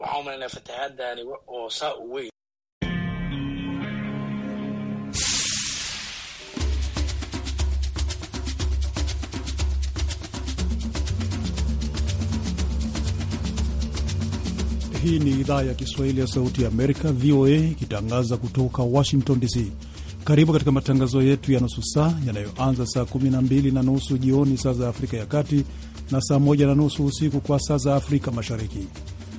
Waxaan umaleynaya fatahaadani oo saa u weyn. Hii ni idhaa ya Kiswahili ya Sauti ya Amerika, VOA, ikitangaza kutoka Washington DC. Karibu katika matangazo yetu ya nusu saa yanayoanza saa 12 na nusu jioni saa za Afrika ya Kati na saa 1 na nusu usiku kwa saa za Afrika Mashariki.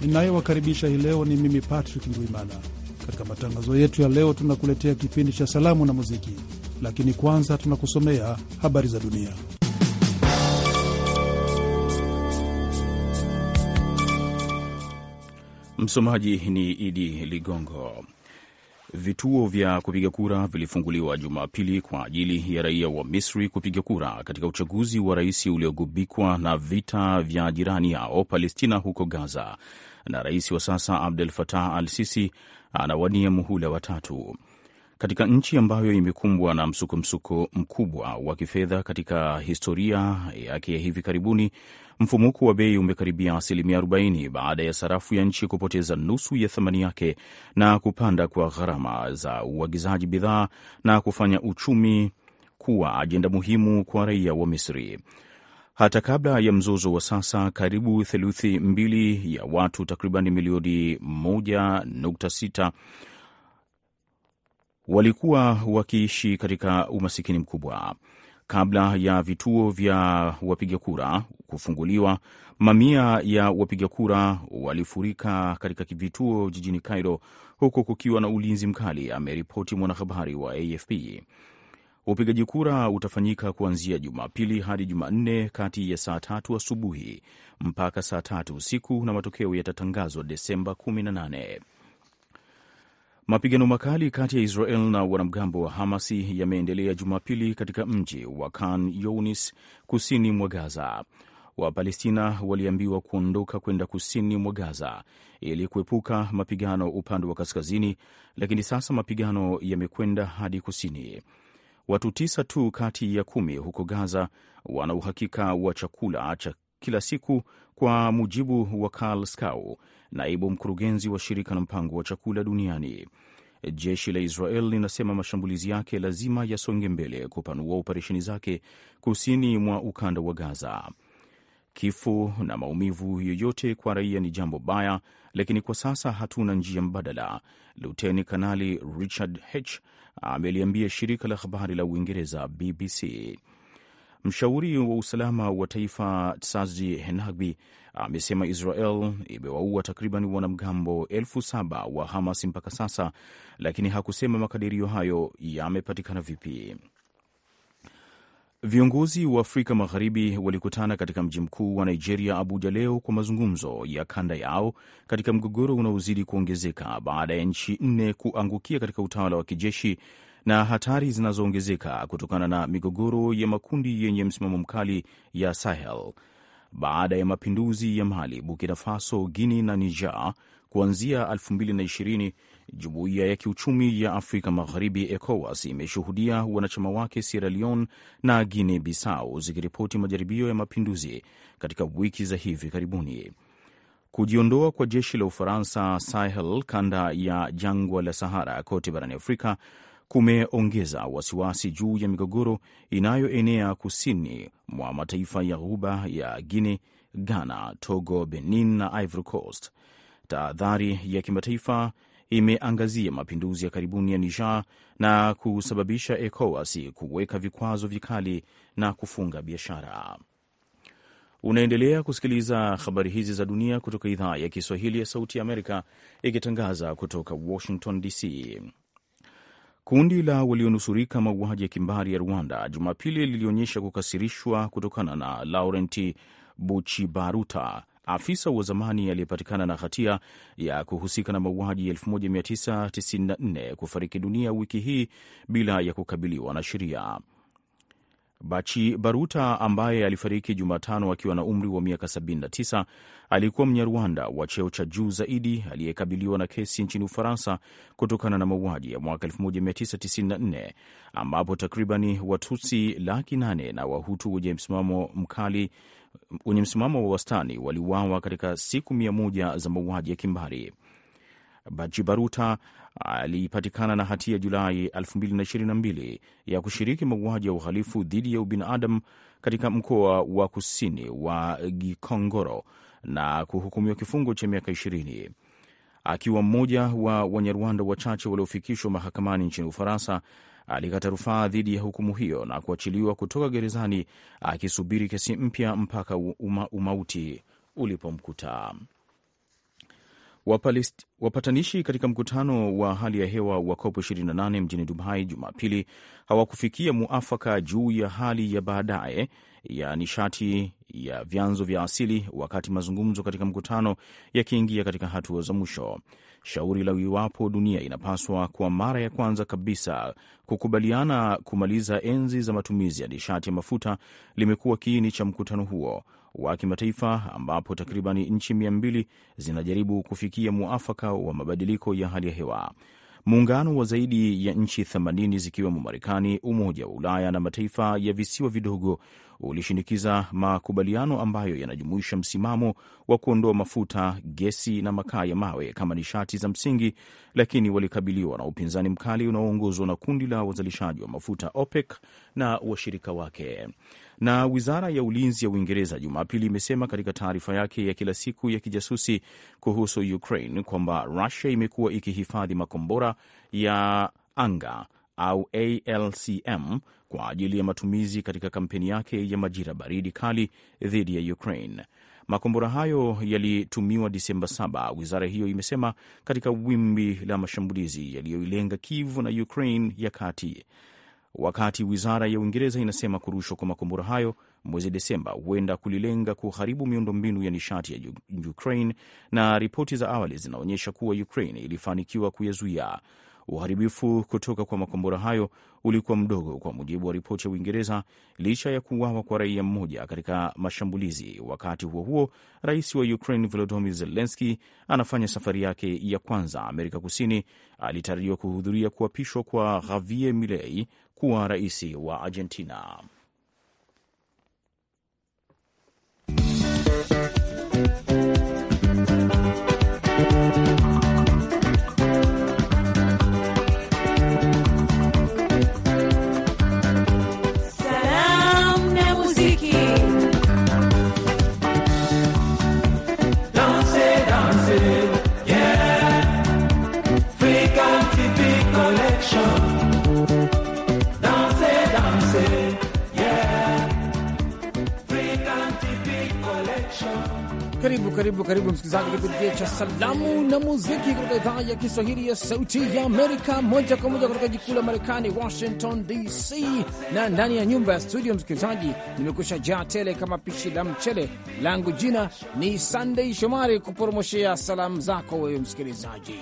ninayewakaribisha hii leo ni mimi Patrick Ndwimana. Katika matangazo yetu ya leo, tunakuletea kipindi cha salamu na muziki, lakini kwanza tunakusomea habari za dunia. Msomaji ni Idi Ligongo. Vituo vya kupiga kura vilifunguliwa Jumapili kwa ajili ya raia wa Misri kupiga kura katika uchaguzi wa rais uliogubikwa na vita vya jirani yao Palestina huko Gaza na rais wa sasa Abdel Fattah al Sisi anawania muhula watatu katika nchi ambayo imekumbwa na msukomsuko mkubwa wa kifedha katika historia yake ya hivi karibuni. Mfumuko wa bei umekaribia asilimia 40 baada ya sarafu ya nchi kupoteza nusu ya thamani yake na kupanda kwa gharama za uagizaji bidhaa na kufanya uchumi kuwa ajenda muhimu kwa raia wa Misri hata kabla ya mzozo wa sasa. Karibu theluthi mbili ya watu takriban milioni 1.6 walikuwa wakiishi katika umasikini mkubwa. Kabla ya vituo vya wapiga kura kufunguliwa, mamia ya wapiga kura walifurika katika vituo jijini Cairo, huku kukiwa na ulinzi mkali, ameripoti mwanahabari wa AFP. Upigaji kura utafanyika kuanzia Jumapili hadi Jumanne kati ya saa tatu asubuhi mpaka saa tatu usiku na matokeo yatatangazwa Desemba 18. Mapigano makali kati ya Israel na wanamgambo wa Hamasi yameendelea Jumapili katika mji wa Khan Younis kusini mwa Gaza. Wapalestina waliambiwa kuondoka kwenda kusini mwa Gaza ili kuepuka mapigano upande wa kaskazini, lakini sasa mapigano yamekwenda hadi kusini. Watu tisa tu kati ya kumi huko Gaza wana uhakika wa chakula cha kila siku, kwa mujibu wa Karl Skau, naibu mkurugenzi wa shirika la mpango wa chakula duniani. Jeshi la Israel linasema mashambulizi yake lazima yasonge mbele kupanua operesheni zake kusini mwa ukanda wa Gaza. Kifo na maumivu yoyote kwa raia ni jambo baya lakini kwa sasa hatuna njia mbadala, Luteni Kanali Richard H ameliambia shirika la habari la Uingereza BBC. Mshauri wa usalama wa taifa Tsazi Henagbi amesema Israel imewaua takriban wanamgambo elfu saba wa Hamas mpaka sasa, lakini hakusema makadirio hayo yamepatikana vipi. Viongozi wa Afrika Magharibi walikutana katika mji mkuu wa Nigeria, Abuja, leo kwa mazungumzo ya kanda yao katika mgogoro unaozidi kuongezeka baada ya nchi nne kuangukia katika utawala wa kijeshi na hatari zinazoongezeka kutokana na migogoro ya makundi yenye msimamo mkali ya Sahel baada ya mapinduzi ya Mali, Burkina Faso, Guinea na Niger kuanzia 2020 Jumuiya ya Kiuchumi ya Afrika Magharibi, ECOWAS, imeshuhudia wanachama wake Sierra Leone na Guinea Bissau zikiripoti majaribio ya mapinduzi katika wiki za hivi karibuni. Kujiondoa kwa jeshi la Ufaransa Sahel, kanda ya jangwa la Sahara kote barani Afrika kumeongeza wasiwasi juu ya migogoro inayoenea kusini mwa mataifa ya Ghuba ya Guinea, Ghana, Togo, Benin na Ivory Coast. Tahadhari ya kimataifa imeangazia mapinduzi ya karibuni ya Niger na kusababisha ECOWAS kuweka vikwazo vikali na kufunga biashara. Unaendelea kusikiliza habari hizi za dunia kutoka idhaa ya Kiswahili ya Sauti ya Amerika ikitangaza kutoka Washington DC. Kundi la walionusurika mauaji ya kimbari ya Rwanda Jumapili lilionyesha kukasirishwa kutokana na Laurenti Buchibaruta afisa wa zamani aliyepatikana na hatia ya kuhusika na mauaji 1994 kufariki dunia wiki hii bila ya kukabiliwa na sheria. Bachi Baruta ambaye alifariki Jumatano akiwa na umri wa miaka 79 alikuwa Mnyarwanda wa cheo cha juu zaidi aliyekabiliwa na kesi nchini Ufaransa kutokana na mauaji ya mwaka 1994 ambapo takribani Watutsi laki nane na Wahutu wenye msimamo mkali wenye msimamo wa wastani waliuawa katika siku mia moja za mauaji ya kimbari. Bajibaruta alipatikana na hatia Julai 2022 ya kushiriki mauaji ya uhalifu dhidi ya ubinadamu katika mkoa wa kusini wa Gikongoro na kuhukumiwa kifungo cha miaka 20. Akiwa mmoja wa Wanyarwanda wachache waliofikishwa mahakamani nchini Ufaransa alikata rufaa dhidi ya hukumu hiyo na kuachiliwa kutoka gerezani akisubiri kesi mpya mpaka uma, umauti ulipomkuta. Wapalist, wapatanishi katika mkutano wa hali ya hewa wa COP 28 mjini Dubai Jumapili hawakufikia muafaka juu ya hali ya baadaye ya nishati ya vyanzo vya asili, wakati mazungumzo katika mkutano yakiingia katika hatua za mwisho. Shauri la iwapo dunia inapaswa kwa mara ya kwanza kabisa kukubaliana kumaliza enzi za matumizi ya nishati ya mafuta limekuwa kiini cha mkutano huo wa kimataifa ambapo takriban nchi mia mbili zinajaribu kufikia muafaka wa mabadiliko ya hali ya hewa. Muungano wa zaidi ya nchi 80 zikiwemo Marekani, Umoja wa Ulaya na mataifa ya visiwa vidogo ulishinikiza makubaliano ambayo yanajumuisha msimamo wa kuondoa mafuta, gesi na makaa ya mawe kama nishati za msingi, lakini walikabiliwa na upinzani mkali unaoongozwa na kundi la wazalishaji wa mafuta OPEC na washirika wake. Na wizara ya ulinzi ya Uingereza Jumapili imesema katika taarifa yake ya kila siku ya kijasusi kuhusu Ukraine kwamba Rusia imekuwa ikihifadhi makombora ya anga au ALCM kwa ajili ya matumizi katika kampeni yake ya majira baridi kali dhidi ya Ukraine. Makombora hayo yalitumiwa Disemba 7, wizara hiyo imesema, katika wimbi la mashambulizi yaliyoilenga kivu na Ukraine ya kati, wakati wizara ya Uingereza inasema kurushwa kwa makombora hayo mwezi Desemba huenda kulilenga kuharibu miundombinu ya nishati ya Ukraine, na ripoti za awali zinaonyesha kuwa Ukraine ilifanikiwa kuyazuia. Uharibifu kutoka kwa makombora hayo ulikuwa mdogo, kwa mujibu wa ripoti ya Uingereza, licha ya kuuawa kwa raia mmoja katika mashambulizi. Wakati huo huo, rais wa Ukraine Volodymyr Zelensky anafanya safari yake ya kwanza Amerika Kusini. Alitarajiwa kuhudhuria kuapishwa kwa Javier Milei kuwa rais wa Argentina. Karibu karibu karibu msikilizaji, kipindi cha salamu na muziki kutoka idhaa ya Kiswahili ya Sauti ya Amerika, moja kwa moja kutoka jikuu la Marekani, Washington DC, na ndani ya nyumba ya studio, msikilizaji, nimekusha jaa tele kama pishi la mchele langu. Jina ni sandei Shomari, kuporomoshea salamu zako wewe msikilizaji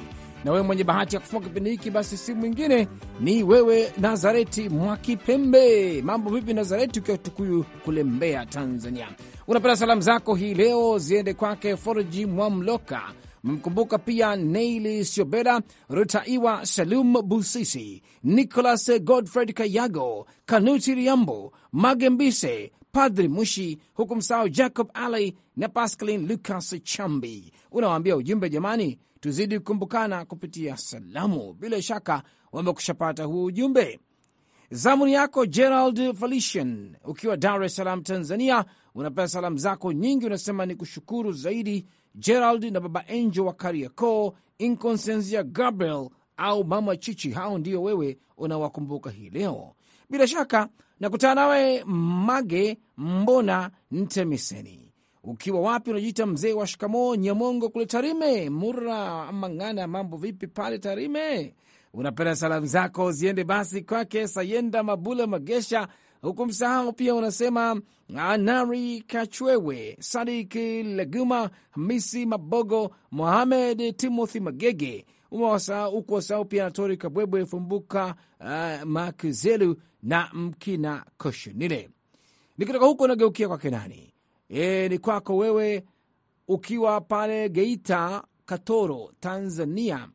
na wewe mwenye bahati ya kufunga kipindi hiki, basi si mwingine ni wewe Nazareti Mwakipembe. Mambo vipi Nazareti, ukiwa Tukuyu kule Mbeya, Tanzania? Unapenda salamu zako hii leo ziende kwake Forji Mwamloka, umemkumbuka pia Neili Siobeda, Rutaiwa Salum Busisi, Nicolas Godfred Kayago, Kanuti Riambo, Magembise, Padri Mushi, huku msahau Jacob Alley na Pascalin Lucas Chambi. Unawaambia ujumbe, jamani tuzidi kukumbukana kupitia salamu. Bila shaka wamekushapata huo ujumbe. Zamuni yako Gerald Felician ukiwa Dar es Salaam, Tanzania, unapea salamu zako nyingi, unasema ni kushukuru zaidi Gerald na Baba Angel wa Kariakoo, Inconsensia Gabriel au Mama Chichi, hao ndio wewe unawakumbuka hii leo. Bila shaka nakutana nawe Mage Mbona Ntemiseni ukiwa wapi, unajiita mzee wa shikamo Nyamongo kule Tarime Mura Mang'ana, mambo vipi pale Tarime? Unapenda salamu zako ziende basi kwake Sayenda Mabula Magesha, huku msahau pia unasema Anari Kachwewe, Sadiki Leguma, Hamisi Mabogo, Mohamed Timothy Magege, huku wasahau pia Natori Kabwebwe, Fumbuka uh, eh, Makzelu na Mkina Koshinile. Nikitoka huko nageukia kwake nani E, ni kwako wewe ukiwa pale Geita, Katoro, Tanzania.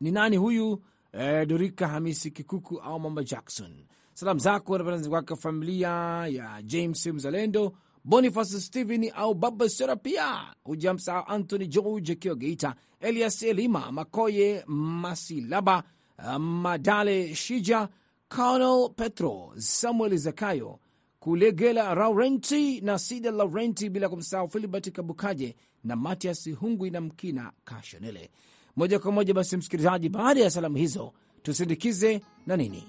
Ni nani huyu? E, eh, Dorika Hamisi Kikuku au Mama Jackson, salamu zako napenda kwake familia ya James Mzalendo, Boniface Stephen au Baba Sera, pia hujamsahau Anthony George akiwa Geita, Elias Elima Makoye Masilaba, eh, Madale Shija, Carnel Petro Samuel Zakayo Kulegela Laurenti na Sida Laurenti, bila kumsahau Filibert Kabukaje na Matias Hungwi na Mkina Kashonele. Moja kwa moja basi, msikilizaji, baada ya salamu hizo tusindikize na nini?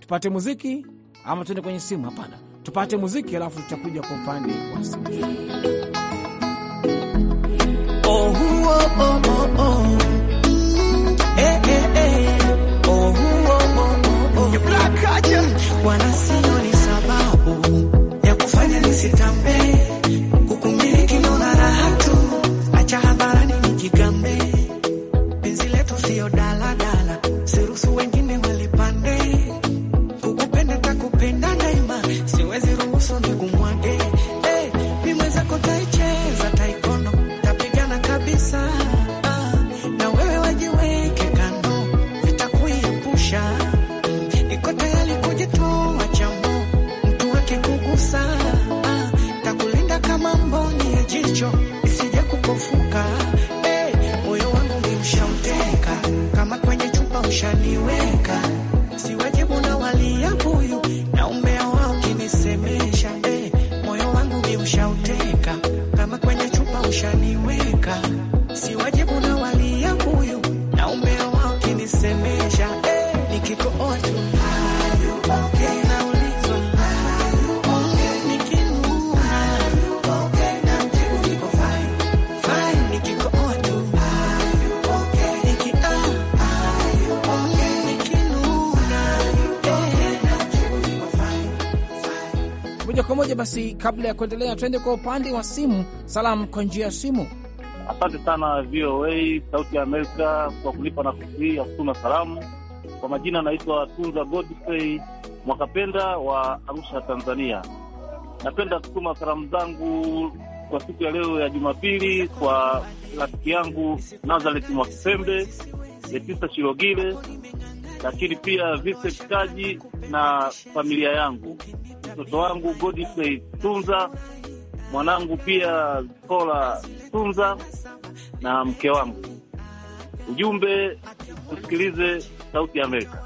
Tupate muziki ama tuende kwenye simu? Hapana, tupate muziki alafu tutakuja kwa upande wa simu. Oh, oh, oh, oh, oh. Eh, eh, eh. Oh, oh, oh, oh, oh nisitambe kukumiliki letu siyo daladala, Ngoja basi, kabla ya kuendelea, tuende kwa upande wa simu, salamu kwa njia ya simu. Asante sana VOA Sauti ya Amerika kwa kunipa nafasi hii ya kutuma salamu. Kwa majina anaitwa Tunza Godfrey Mwakapenda wa Arusha, Tanzania. Napenda kutuma salamu zangu kwa siku ya leo ya Jumapili kwa rafiki yangu Nazareti Mwakipembe, Letisa Shirogile, lakini pia Vincent Kaji na familia yangu, mtoto wangu Godfrey Tunza, mwanangu pia Kola Tunza na mke wangu. Ujumbe, tusikilize Sauti ya Amerika.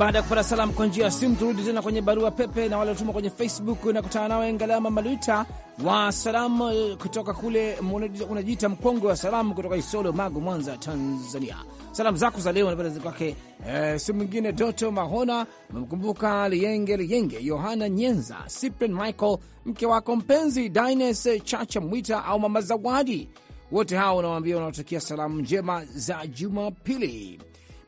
baada ya kupata salamu kwa njia ya simu, turudi tena kwenye barua pepe na wale watuma kwenye Facebook na nawe Ngalama Maluta wa salamu eh, kutoka kule, unajiita mkongwe wa salamu kutoka Isolo, Magu, Mwanza, Tanzania. Salamu zako za leo napenda kwake e, eh, si mwingine Doto Mahona, memkumbuka Liyenge Liyenge, Yohana Nyenza, Cyprian Michael, mke wako mpenzi Dines eh, Chacha Mwita au Mama Zawadi, wote hao unawambia unawatakia salamu njema za Jumapili.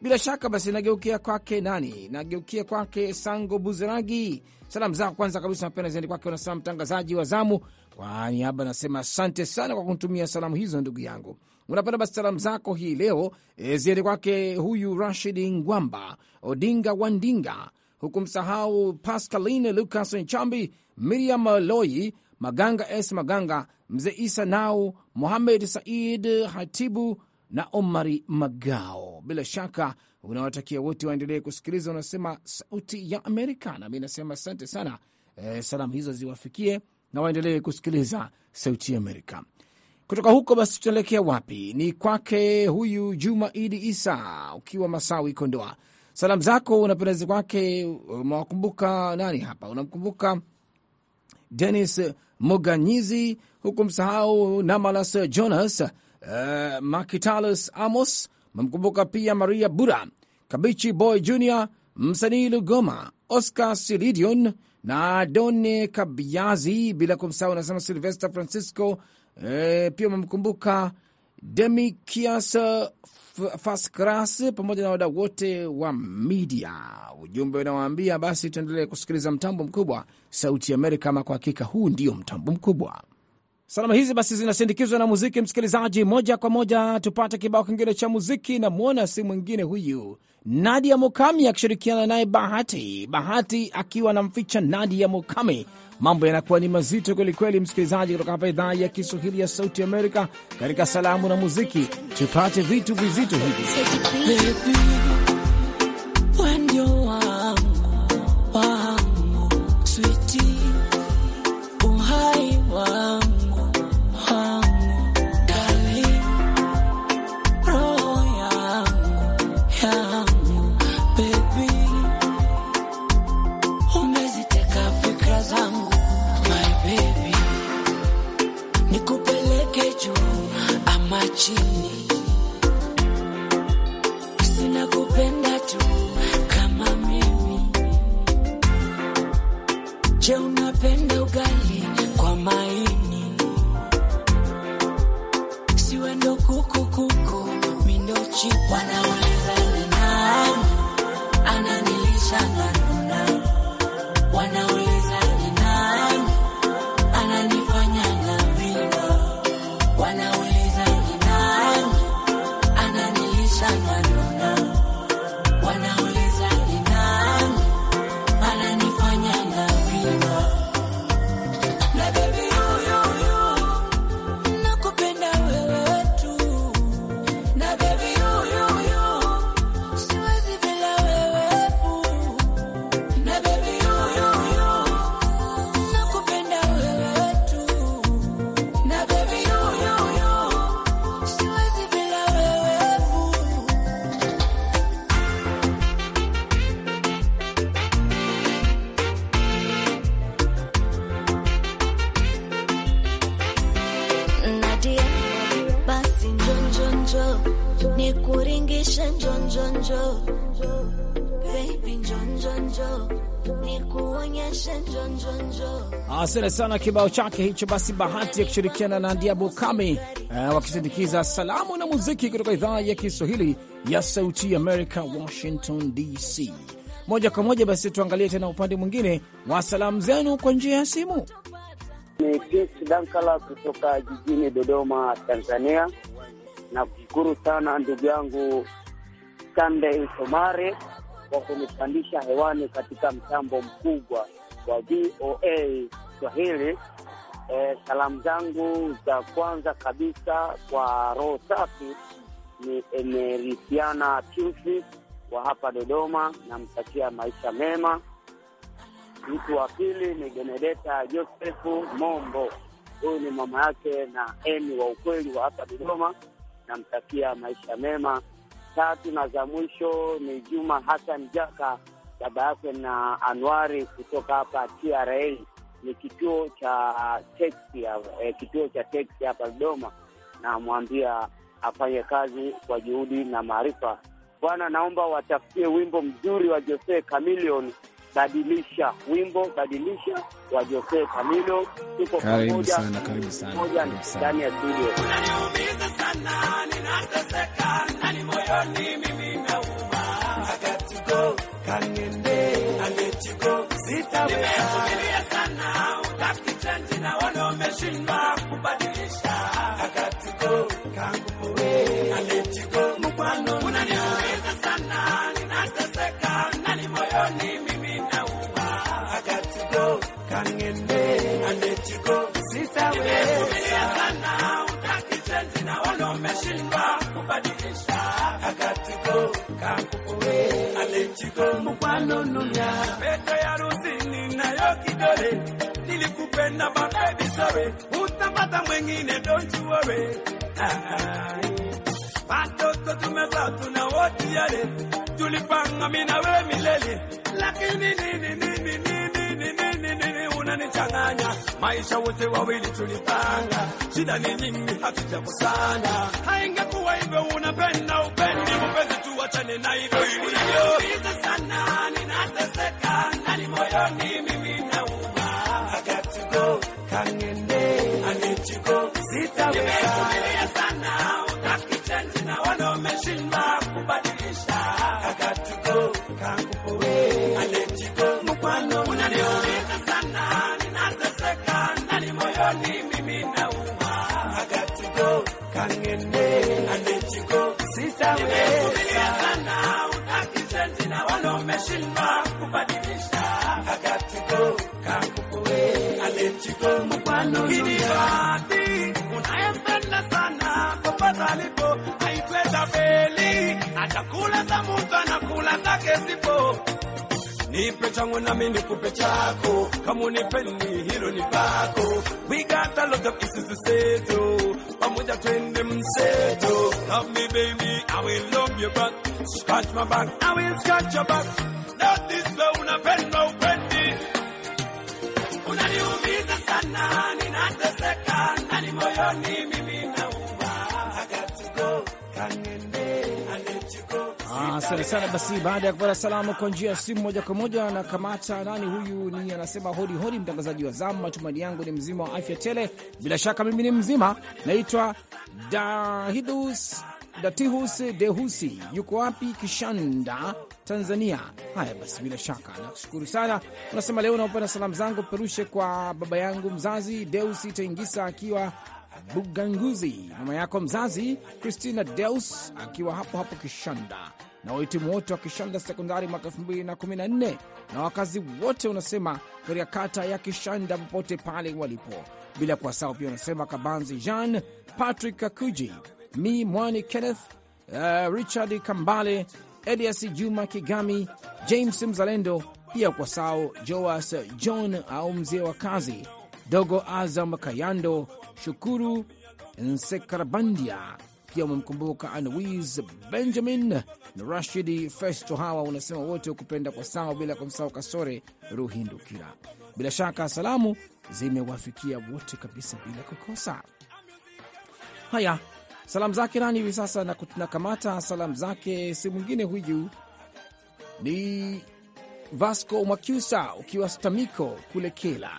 Bila shaka basi, nageukia kwake nani, nageukia kwake Sango Buziragi. Salamu zako kwanza kabisa napenda ziende kwake, unasema mtangazaji wa zamu. Kwa niaba nasema asante sana kwa kunitumia salamu hizo, ndugu yangu. Unapenda basi salamu zako hii leo e, ziende kwake huyu Rashid Ngwamba, Odinga Wandinga, huku msahau Pascaline Lucas Nchambi, Miriam Loi Maganga, S Maganga, mzee Isa Nau, Muhamed Said Hatibu na Omari Magao. Bila shaka unawatakia wote waendelee kusikiliza, unasema Sauti ya Amerika, nami nasema asante sana. E, salamu hizo ziwafikie na waendelee kusikiliza Sauti ya Amerika. Kutoka huko basi, tutaelekea wapi? Ni kwake huyu Juma Idi Isa, ukiwa Masawi, Kondoa. Salamu zako unapendeza kwake, umewakumbuka nani hapa? Unamkumbuka Denis Muganyizi, huku msahau Namalas Jonas uh, eh, Makitalus Amos. Mmemkumbuka pia Maria Bura, Kabichi Boy Jr, msanii Lugoma, Oscar Silidion na Done Kabiazi, bila kumsahau unasema Silvester Francisco. E, pia mmemkumbuka Demi Kiasa Faskras pamoja na wadau wote wa media. Ujumbe unawaambia basi tuendelee kusikiliza mtambo mkubwa Sauti ya Amerika, ama kwa hakika huu ndio mtambo mkubwa. Salama hizi basi zinasindikizwa na muziki, msikilizaji. Moja kwa moja tupate kibao kingine cha muziki. Namwona si mwingine huyu, Nadia Mukami akishirikiana naye Bahati. Bahati akiwa namficha Nadia Mukami. Mambo yanakuwa ni mazito kwelikweli, msikilizaji, kutoka hapa idhaa ya Kiswahili ya Sauti Amerika. Katika salamu na muziki tupate vitu vizito hivi asante sana kibao chake hicho. Basi bahati ya kushirikiana na diabo Kami uh, eh, wakisindikiza salamu na muziki kutoka idhaa ya Kiswahili ya Sauti america Washington DC. Moja kwa moja basi tuangalie tena upande mwingine wa salamu zenu kwa njia ya simu. Ni Prince Dankala kutoka jijini Dodoma, Tanzania. Nakushukuru sana ndugu yangu Sande Somare kwa kunipandisha hewani katika mtambo mkubwa wa VOA Kiswahili. E, salamu zangu za kwanza kabisa kwa roho safi ni Emeritiana Pius wa hapa Dodoma, namtakia maisha mema. Mtu wa pili ni benedeta Josefu Mombo, huyu ni mama yake na Emi wa ukweli wa hapa Dodoma, namtakia maisha mema. Tatu na za mwisho ni Juma Hassan Jaka, baba yake na Anwari kutoka hapa TRA ni kituo cha teksi eh, kituo cha teksi hapa Dodoma, namwambia afanye kazi kwa juhudi na maarifa. Bwana, naomba watafutie wimbo mzuri wa Jose Chameleone, badilisha wimbo, badilisha wa Jose Chameleone. Tuko pamoja pamoja ndani ya studio. Unaniumiza sana, ninateseka ndani moyoni mimi disco sitaweza sana, utafiti chanji na wale wameshindwa kubadilisha kakatiko kangu Chikomu kwa Nonumia, pete ya rusini nayo kidole, nilikupenda mabebi sawe, utapata mwengine don't you worry. Ah, ah. Watoto tumezaa tuna wote yale, tulipanga mimi na wewe milele, lakini nini nini nini nini nini unanichanganya, maisha wote wawili tulipanga, shida ni nyingi hatujakusanya, haingekuwa hivyo unapenda upendi mpenzi Niachane na hivyo hivyo sana, ninateseka ndani moyoni, mimi nauma. I got to go, kangende, I need to go, sitaweza sana, utaki change na wano umeshindwa kubadilisha. I got to go, kangupoe, I need to go, mkwano unaniumiza sana, ninateseka ndani moyoni, mimi nauma. I got to go, kangende, I need to go, sitaweza Atakula za Nipe changu nami nikupe chako, kama unipendi hilo ni pako. We got a lot of issues to settle, pamoja twende mseto. Love me baby, I will love you back. Scratch my back, I will scratch your back. Ah, asante sana. Basi baada ya kupata salamu kwa njia ya simu moja kwa moja na kamata nani huyu, ni anasema hodi hodi, mtangazaji wa zamu, matumaini yangu ni mzima wa afya tele. Bila shaka mimi ni mzima. Naitwa Dahidus Datihus Dehusi, yuko wapi? Kishanda Tanzania. Haya basi, bila shaka nakushukuru sana. Unasema leo naupenda salamu zangu perushe kwa baba yangu mzazi Deusi Taingisa akiwa Buganguzi, mama yako mzazi Christina Deus akiwa hapo hapo Kishanda na wahitimu wote wa Kishanda sekondari mwaka mbili na wakazi wote unasema katika kata ya Kishanda popote pale walipo, bila sawa. pia unasema Kabanzi Jean Patrick Kakuji mi Mwani Kenneth, uh, Richard Kambale Elias Juma Kigami, James Mzalendo, pia kwa sao Joas John au mzee wa kazi Dogo Azam Kayando, Shukuru Nsekarabandia, pia umemkumbuka Anwis Benjamin na Rashidi Festo. Hawa unasema wote ukupenda kwa sao bila kumsahau Kasore Ruhindukira. Bila shaka salamu zimewafikia wote kabisa bila kukosa. Haya, Salamu zake nani hivi sasa, na kutunakamata salamu zake, si mwingine huyu ni Vasco Mwakyusa, ukiwa Stamiko kule Kela,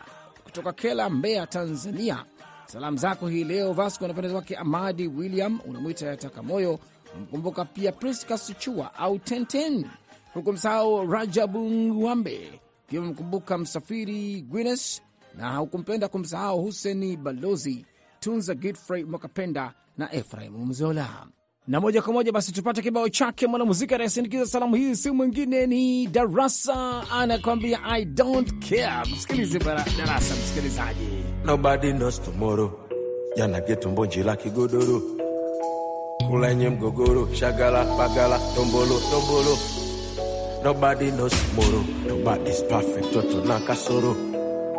kutoka Kela, Mbeya, Tanzania. Salamu zako hii leo Vasco anapendeza wake Amadi William, unamwita yataka moyo mkumbuka pia Priska Suchua au Tenten, huku msahau Rajabu Ngwambe, pia mkumbuka Msafiri Gwines na hukumpenda kumsahau Huseni Balozi Tunza Gitfrey Mwakapenda na Efraim Mzola. Na moja kwa moja basi tupate kibao chake mwanamuziki anayesindikiza salamu hii, si mwingine ni Darasa anakwambia I don't care. Msikilize Darasa msikilizaji. Nobody knows tomorrow, jana getumbo la kigodoro kulenye mgogoro shagala bagala tombolo tombolo. Nobody knows tomorrow, nobody's perfect, toto na kasoro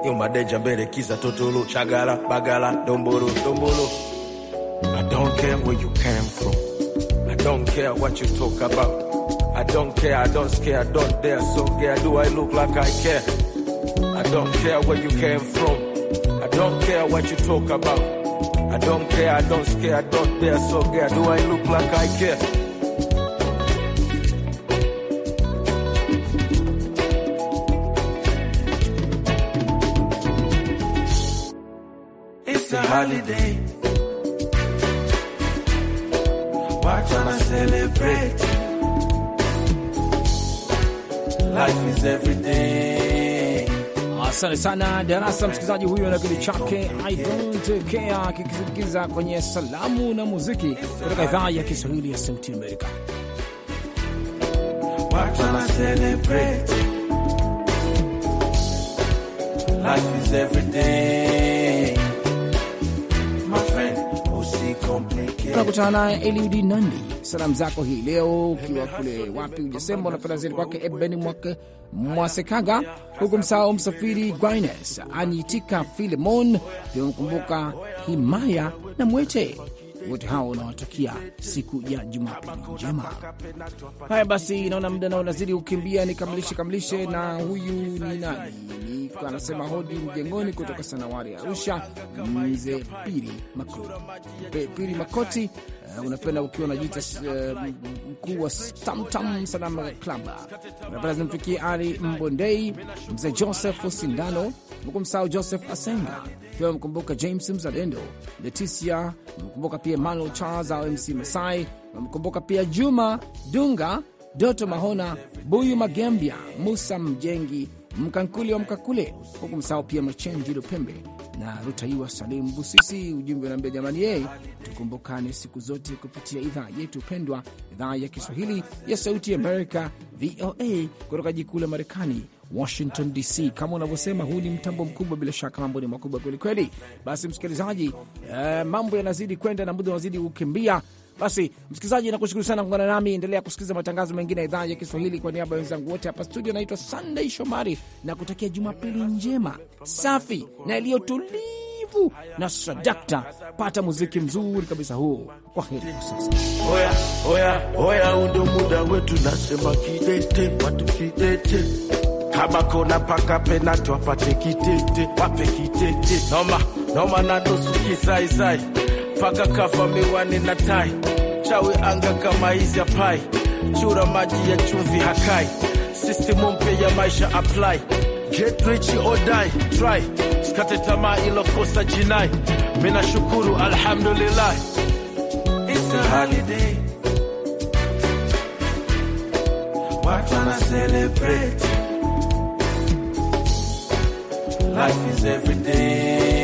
yo madeja mbele kiza totolo shagala bagala dombolo dombolo I don't care where you came from. I don't care what you talk about. I don't care, I don't care, I don't dare. So, girl, do I look like I care? I don't care where you came from. I don't care what you talk about. I don't care, I don't care, I don't dare. So, girl, do I look like I care? holiday. celebrate. Life is Asante sana Darasa, msikilizaji huyo na kitu chake I don't care, kwenye salamu na muziki kutoka idhaa ya Kiswahili ya Sauti Amerika. Life is unakutana naye Eliudi Nandi, salamu zako hii leo ukiwa kule wapi ujasema, unapenda zaidi kwake ebeni Mwake Mwasekaga, huku msao Msafiri Gwines, Anitika Filemon, vyomkumbuka Himaya na Mwete wote hao unawatakia siku ya Jumapili njema. Haya basi, naona muda nao nazidi kukimbia, nikamilishe kamilishe na huyu ni nani? anasema hodi mjengoni kutoka Sanawari Arusha, mzee Piri Makoti, Piri Makoti uh, unapenda ukiwa unajiita uh, mkuu wa Tamtam Salama Club. Unapenda zimfikie Ali Mbondei, mzee Joseph Sindano, huku mkumsahau Joseph Asenga, pia mkumbuka James Mzalendo, Leticia mkumbuka pia Manuel Charles au MC Masai, mkumbuka pia Juma Dunga, Doto Mahona, Buyu Magembia, Musa Mjengi, Mkankuli wa Mkakule, huku msahau pia Machenji Lupembe na Rutaiwa Salim Busisi. Ujumbe unaambia jamani, yeye eh, tukumbukane siku zote kupitia idhaa yetu pendwa, idhaa ya Kiswahili ya Sauti ya Amerika, VOA, kutoka jikuu la Marekani, Washington DC. Kama unavyosema, huu ni mtambo mkubwa, bila shaka mambo ni makubwa kwelikweli. Basi msikilizaji, eh, mambo yanazidi kwenda na muda unazidi kukimbia. Basi msikilizaji, nakushukuru sana kuungana nami. Endelea kusikiliza matangazo mengine ya idhaa ya Kiswahili. Kwa niaba ya wenzangu wote hapa studio, naitwa Sunday Shomari na kutakia Jumapili njema safi na iliyotulivu na sadakta. Pata muziki mzuri kabisa huu. Kwa heri kwa sasa. Oya, oya, oya, undo muda wetu, nasema kidete watu kidete kama kona paka apate kitete wape kitete noma noma na nusu kisaisai paka kafa miwani na tai, chawi anga kama hizi apai, chura maji ya chumvi hakai, sistemu mpya ya maisha apply, get rich or die try, skate tamaa ilokosa jinai, mina shukuru alhamdulillah, it's a holiday watu wana celebrate life is everyday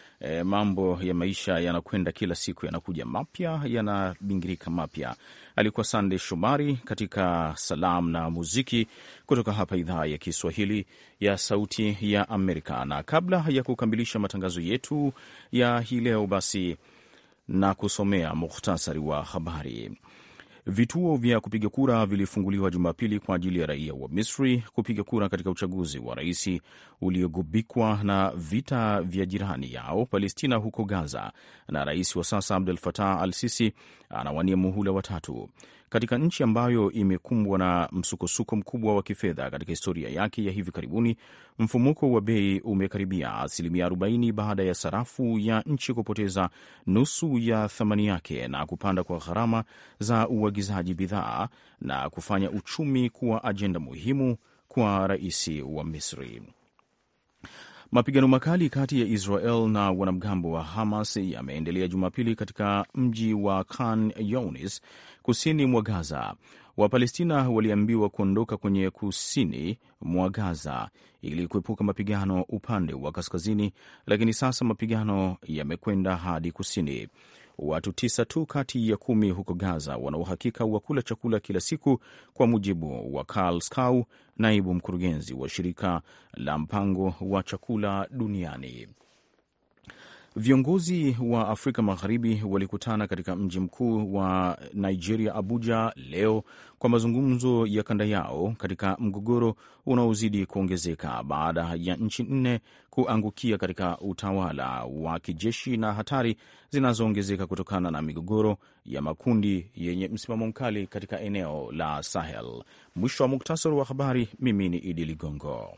e, mambo ya maisha yanakwenda kila siku, yanakuja mapya, yanabingirika mapya. Alikuwa Sande Shomari katika salamu na muziki kutoka hapa idhaa ya Kiswahili ya Sauti ya Amerika. Na kabla ya kukamilisha matangazo yetu ya hii leo, basi na kusomea muhtasari wa habari. Vituo vya kupiga kura vilifunguliwa Jumapili kwa ajili ya raia wa Misri kupiga kura katika uchaguzi wa rais uliogubikwa na vita vya jirani yao Palestina huko Gaza, na rais wa sasa Abdel Fattah al Sisi anawania muhula watatu katika nchi ambayo imekumbwa na msukosuko mkubwa wa kifedha katika historia yake ya hivi karibuni. Mfumuko wa bei umekaribia asilimia 40 baada ya sarafu ya nchi kupoteza nusu ya thamani yake na kupanda kwa gharama za uagizaji bidhaa na kufanya uchumi kuwa ajenda muhimu kwa rais wa Misri. Mapigano makali kati ya Israel na wanamgambo wa Hamas yameendelea Jumapili katika mji wa Khan Younis kusini mwa Gaza. Wapalestina waliambiwa kuondoka kwenye kusini mwa Gaza ili kuepuka mapigano upande wa kaskazini, lakini sasa mapigano yamekwenda hadi kusini. Watu tisa tu kati ya kumi huko Gaza wana uhakika wa kula chakula kila siku, kwa mujibu wa Karl Skau, naibu mkurugenzi wa shirika la mpango wa chakula duniani. Viongozi wa Afrika Magharibi walikutana katika mji mkuu wa Nigeria, Abuja, leo kwa mazungumzo ya kanda yao katika mgogoro unaozidi kuongezeka baada ya nchi nne kuangukia katika utawala wa kijeshi na hatari zinazoongezeka kutokana na migogoro ya makundi yenye msimamo mkali katika eneo la Sahel. Mwisho wa muktasari wa habari. Mimi ni Idi Ligongo.